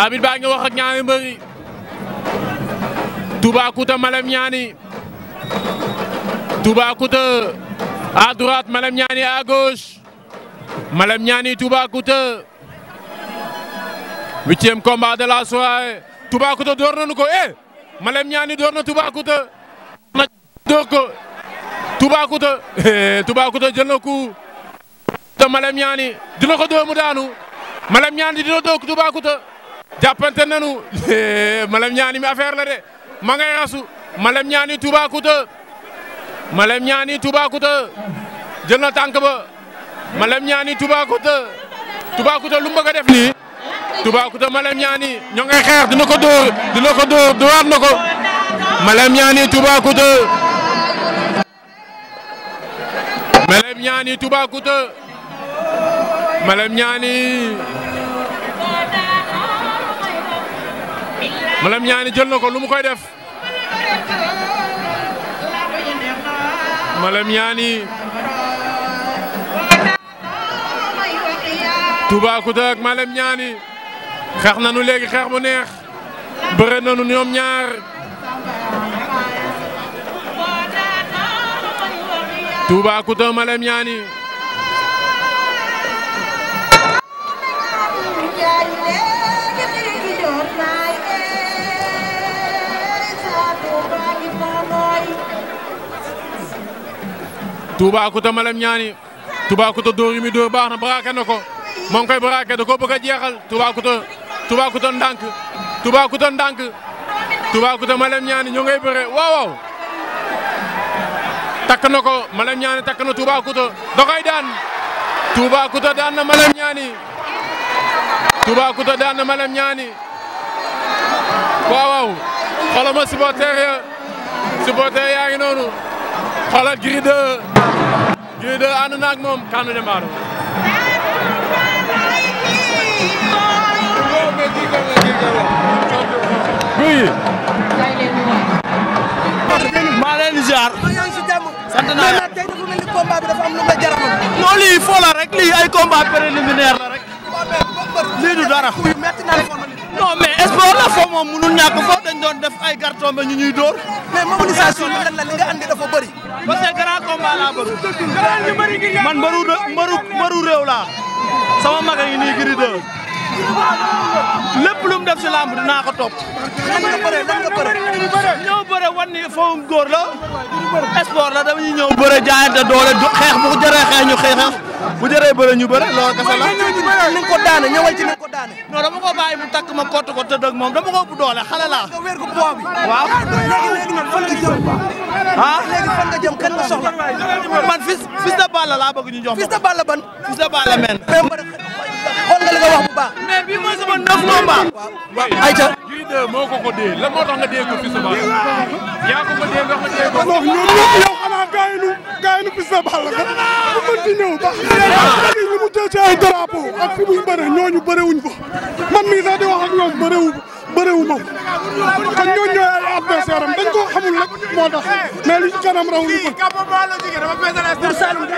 abit baa ngi wax ak ñaari mbër yi Toubacouta Malem Niani Toubacouta à droite Malem Niani à gauche Malem Niani Toubacouta huitième combat de la soirée Toubacouta door nañu ko eh Malem Niani door na Toubacouta na door ko Toubacouta eh, Toubacouta jël na ku te Malem Niani dina ko doomu daanu Malem Niani dina doog Toubacouta jàppante nañu eh, Malem Niani mi affaire la de ma ngay rasu Malem Niani Toubacouta Malem Niani tànk ba Malem Niani Toubacouta Toubacouta lu mu a def nii Toubacouta Malem Niani ñoo ngay xeex dina ko dóor dina ko dóor dóoraat na ko Malem Niani Toubacouta Malem Niani Toubacouta Malem Niani Malem Niani jël na ko lu mu koy def Malem Niani Toubacouta ak xeex nu léegi xeex bu neex bëre nañu ñoom ñaar Toubacouta Malem Niani Toubacouta Malem Niani Toubacouta dóor yi mi dóor baax na braqué na ko moo ngi koy braqué da ko bëgg a jeexal Toubacouta Toubacouta ndànk Toubacouta ndànk Toubacouta Malem Niani ñoo ngay bëre waaw na ko Malem Niani takk na Toubacouta da koy daan Toubacouta daan Malem Niani Toubacouta daan Malem Niani waaw waaw ma supporter ya supporter yaa ngi noonu xoolal Gris 2 Gris 2 ànd na naa ma jaraloon. lii foo rek lii ay combat préliminaire la rek. lii du dara. non mais sport la foo moom mënul ñàkk foofu dañ doon def ay carton ba ñu ñuy dóor. mais mobilisation bi la li nga andi dafa bëri. parce que grand combat laa man mbaru mbaru mbaru réew laa. sama mag a ngi nii giri deux. def si la dinaa ko topp. lan lay wan ni foom góor la sport la dañuy ñëw bëre jaayante doole du xeex bu jëree xeex ñu xeex bu jëree bëre ñu bëre loolu kese la ni nga ko daane ñëwal ci ni nga ko daane non dama ko bàyyi mu takk ma kott ko tëdd ak moom dama ko bu doole xale laa nga wér ko poids bi waaw ah? Balla laa bëgg ñu jox fils Balla ban fils Balla men nga li nga wax bu baax. mais bii mooy yow xanaa gars yi ñu gars yi ñu fii sa baal la kat. bu mu jël ci ay drapeau ak fi muy bëre ñooñu bërewuñ ko man mii sax di wax ak ñoom bërewu bërewu ma ko kon ñooñu ñooy ay adversaire am dañ koo xamul kanam raw lu